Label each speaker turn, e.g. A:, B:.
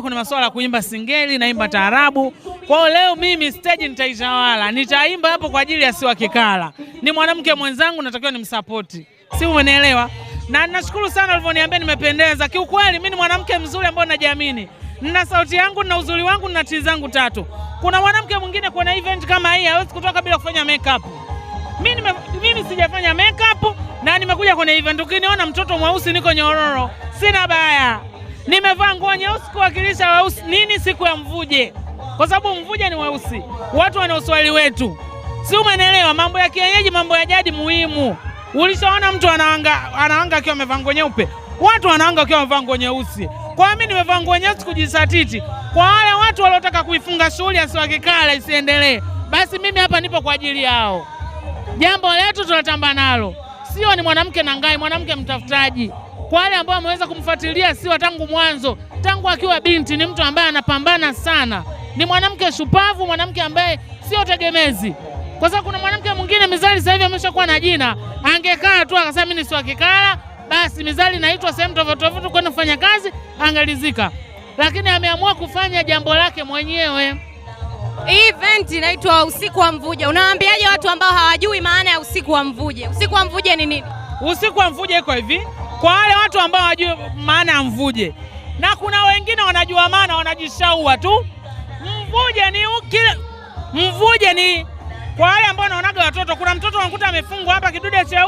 A: Kuna masuala ya kuimba singeli, naimba taarabu. Kwa hiyo leo mimi stage nitaitawala, nitaimba hapo kwa ajili ya Siwa Kikala. Ni mwanamke mwenzangu, natakiwa nimsapoti, si umenielewa? Na nashukuru sana ulivyoniambia nimependeza. Kiukweli mimi ni mwanamke mzuri ambaye najiamini, nina sauti yangu, nina uzuri wangu, nina tizi zangu tatu. Kuna mwanamke mwingine kwenye event kama hii hawezi kutoka bila kufanya makeup. Mimi mimi sijafanya makeup na nimekuja kwenye event. Ukiniona mtoto mweusi, niko nyororo, sina baya nimevaa nguo nyeusi kuwakilisha weusi nini siku ya mvuje, kwa sababu mvuje ni weusi, watu wana uswahili wetu, si umeelewa? Mambo ya kienyeji, mambo ya jadi muhimu. Ulishaona mtu anaanga anaanga akiwa amevaa nguo nyeupe, watu wanaanga akiwa wamevaa nguo nyeusi. Kwa mimi nimevaa nguo nyeusi kujisatiti. Kwa wale watu waliotaka kuifunga shughuli asiwakikala isiendelee, basi mimi hapa nipo kwa ajili yao. Jambo letu tunatamba nalo sio ni mwanamke na ngai, mwanamke mtafutaji. Kwa wale ambao wameweza kumfuatilia Siwa tangu mwanzo, tangu akiwa binti, ni mtu ambaye anapambana sana, ni mwanamke shupavu, mwanamke ambaye sio tegemezi, kwa sababu kuna mwanamke mwingine Mizali sasa hivi ameshakuwa na jina, angekaa tu akasema mimi si wakikala basi Mizali naitwa sehemu tofauti tofauti kwenda kufanya kazi, angalizika, lakini ameamua kufanya jambo lake mwenyewe.
B: Event inaitwa usiku wa mvuja, unawaambia usiku wa mvuje. Usiku wa mvuje ni nini?
A: Usiku wa mvuje iko hivi, kwa wale watu ambao hawajui maana ya mvuje, na kuna wengine wanajua maana, wanajishaua tu. Mvuje ni ukile, mvuje ni kwa wale ambao wanaonaga watoto, kuna mtoto anakuta amefungwa hapa kidude cheusi.